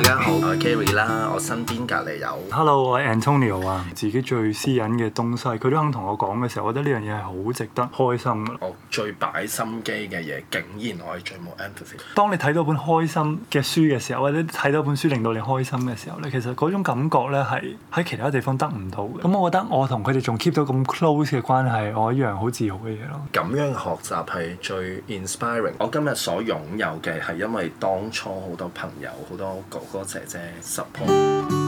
大家好，Hey. 我係 Kerry 啦，我身邊隔離有 Hello，我係 Antonio 啊。 自己最私隱嘅東西，佢都肯同我講嘅時候，我覺得呢樣嘢係好值得開心。Oh. 最擺心機嘅嘢，竟然可以最冇 empathy。當你睇到本開心嘅書嘅時候，或者睇到本書令到你開心嘅時候咧，其實嗰種感覺咧係喺其他地方得唔到。咁我覺得我同佢哋仲 keep 到咁 close 嘅關係，我一樣好自豪嘅嘢咯。咁樣學習係最 inspiring。我今日所擁有嘅係因為當初好多朋友、好多哥哥姐姐 support。